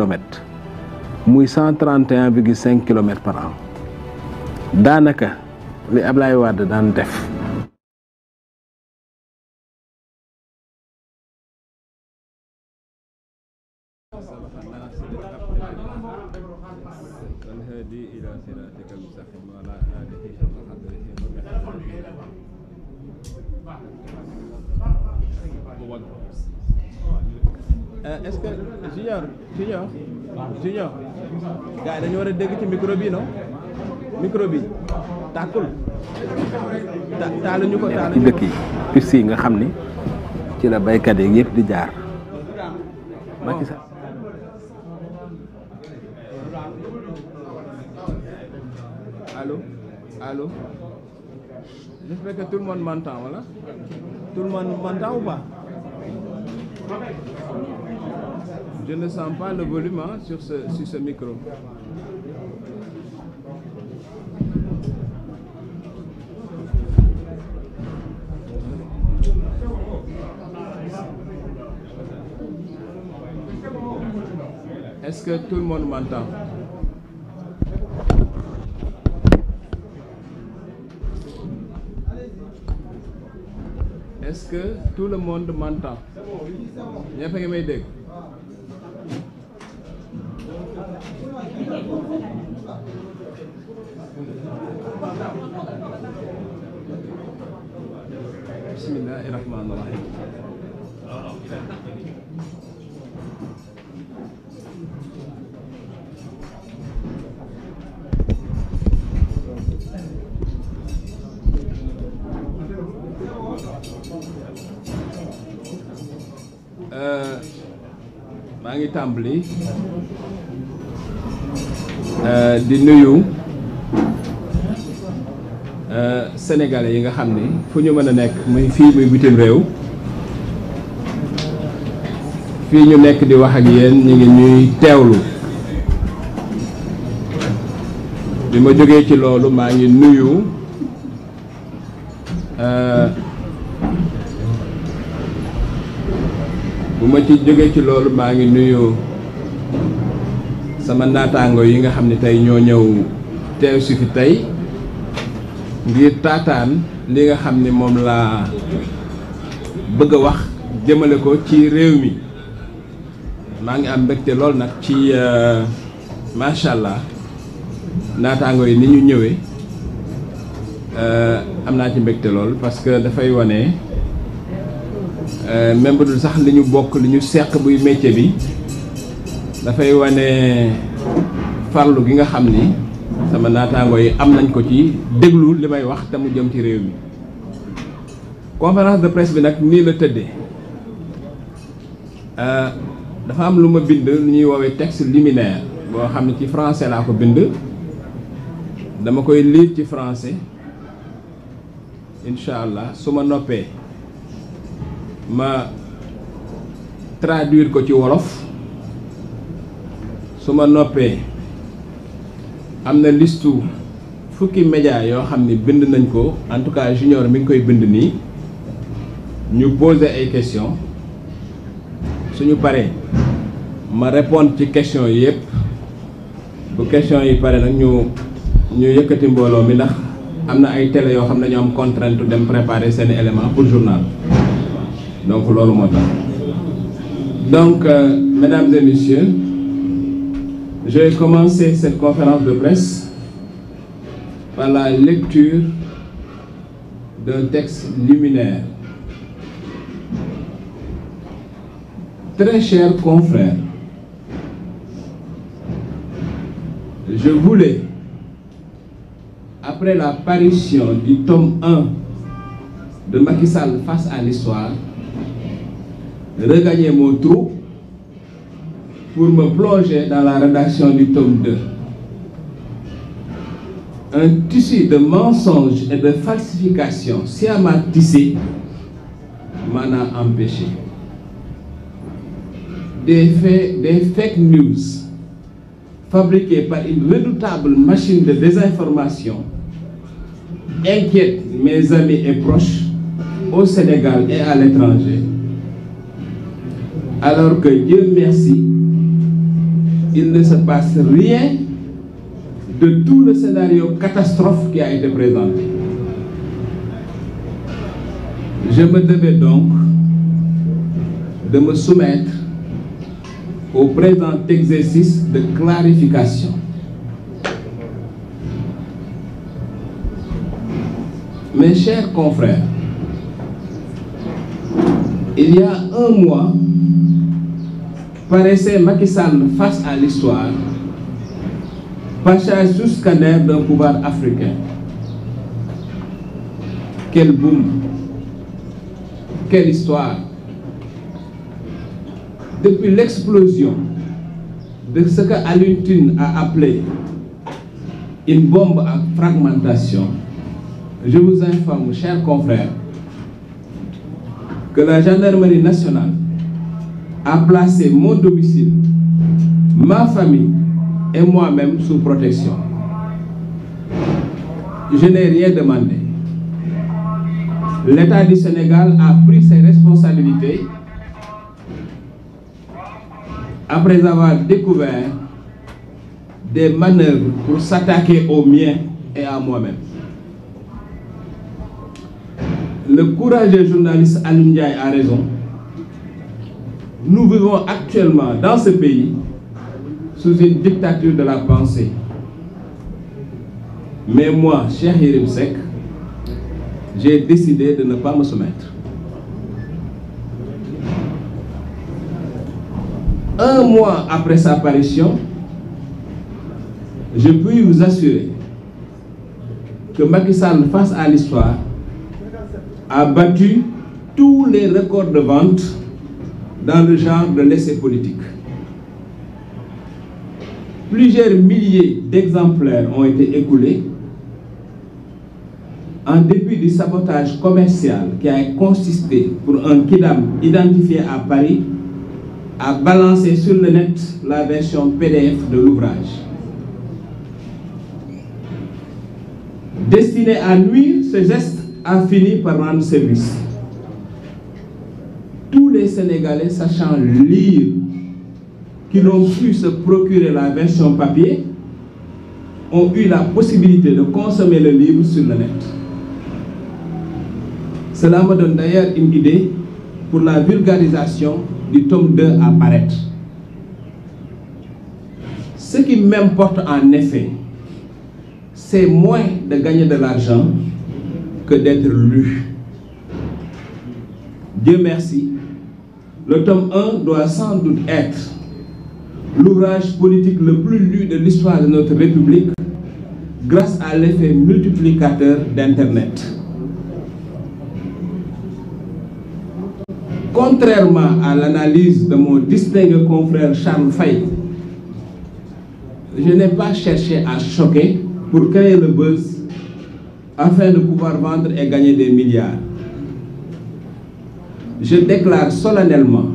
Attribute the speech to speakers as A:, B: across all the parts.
A: kilomètres cent trente et un virgule par daanaka li Ablaye Wade daan def Euh, est-ce junior junior junior gars yi dañu war a dégg ci micro bi non micro bi tàkkul taaluñu ko ci dëkk yi piste nga xam ni ci la baykat yi yëpp di jaar Je ne sens pas le volume sur ce, micro. Est-ce que tout le monde est que tout le monde m'entend ñëpp a ngi may dégg bismillahi maa ngi tàmbali euh, di nuyu euh, sénégalais yi nga xam ni fu ñu mën a nekk muy fii muy bitim réew fii ñu nekk di wax ak yéen ñu ngi ñuy teewlu bi ma jógee ci loolu maa ngi nuyu. Euh, bu ma ci jógee ci loolu maa ngi nuyu sama naataango yi nga xam ne tey ñoo ñëw teew si fi tey ngir taataan li nga xam ni moom laa bëgg a wax jëmale ko ci réew mi maa ngi am mbégte lool nag ci euh, macha allah naataango yi ni ñu ñëwee euh, am naa ci mbégte lool parce que dafay wane. Euh, même bu sax li ñu bokk li ñu seq buy métier bi dafay wane farlu gi nga xam ni sama naataango yi am nañ ko ci déglu li may wax te jëm ci réew mi conférence de presse bi nag nii la tëddee euh, dafa am lu ma bind lu ñuy woowee texte liminaire boo xam ne ci français laa ko bind dama koy liit ci français incha allah su ma noppee ma traduire ko ci wolof su ma noppee am na listu fukki média yoo xam ni bind nañ ko en tout cas junior mi ngi koy bind nii ñu poser ay questions suñu paree ma répondre ci questions yi yëpp bu questions yi pare nag ñu ñu yëkkati mbooloo mi ndax am na ay télé yoo xam ne ñoo am contrainte dem préparer seeni éléments pour journal donc loolu moo tax donc euh, mesdames et messieurs je vais cette conférence de presse par la lecture de texte liminaire très chers confrères je voulais après la parution du tome 1 de Macky Sall face à l'histoire regagner mon trou pour me plonger dans la rédaction du tome 2. Un tissu de mensonges et de falsifications, si à ma tissé, m'en a empêché. des fake news fabriqués par une redoutable machine de désinformation inquiète mes amis et proches au Sénégal et à l'étranger. Alors que Dieu merci, il ne se passe rien de tout le scénario catastrophe qui a été présenté. Je me devais donc de me soumettre au présent exercice de clarification. Mes chers confrères, il y a un mois, paraissait Macky Sall face à l'histoire, Pacha sous scanner d'un pouvoir africain. Quel boom Quelle histoire Depuis l'explosion de ce que Alun a appelé une bombe à fragmentation, je vous informe, chers confrères, que la gendarmerie nationale à placé mon domicile, ma famille et moi-même sous protection. Je n'ai rien demandé. L'État du Sénégal a pris ses responsabilités après avoir découvert des manœuvres pour s'attaquer aux miens et à moi-même. Le courager journaliste Alun Ndiaye raison. Nous vivons actuellement dans ce pays sous une dictature de la pensée. Mais moi, cher Yerim Seck, j'ai décidé de ne pas me soumettre. Un mois après sa parution, je puis vous assurer que Macky Sall, face à l'histoire, a battu tous les records de vente dans le genre de l'essai politique. Plusieurs milliers d'exemplaires ont été écoulés en dépit du sabotage commercial qui a consisté pour un kidam identifié à Paris à balancer sur le net la version PDF de l'ouvrage. Destiné à nuire, ce geste a fini par rendre service. Sénégalais sachant lire qui n'ont pu se procurer la version papier ont eu la possibilité de consommer le livre sur le net. Cela me donne d'ailleurs une pour la vulgarisation du tome 2 à paraître. Ce qui m'importe en effet, c'est moins de gagner de l'argent que d'être lu. Le tome 1 doit sans doute être l'ouvrage politique le plus lu de l'histoire de notre République grâce à l'effet multiplicateur d'Internet. Contrairement à l'analyse de mon distingué confrère Charles Faye, je n'ai pas cherché à choquer pour créer le buzz afin de pouvoir vendre et gagner des milliards. je déclare solennellement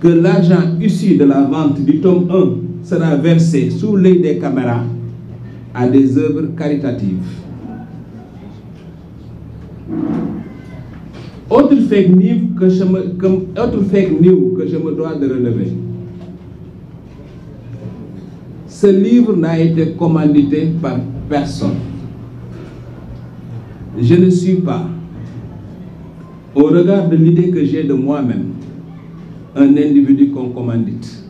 A: que l'argent issu de la vente du tome 1 sera versé sous l'œil des caméras à des œuvres caritatives. Autre fake news que je me, autre fake news que je me dois de relever. Ce livre n'a été commandité par personne. Je ne suis pas Au regard de l'idée que j'ai de moi-même, un individu qu'on commandite,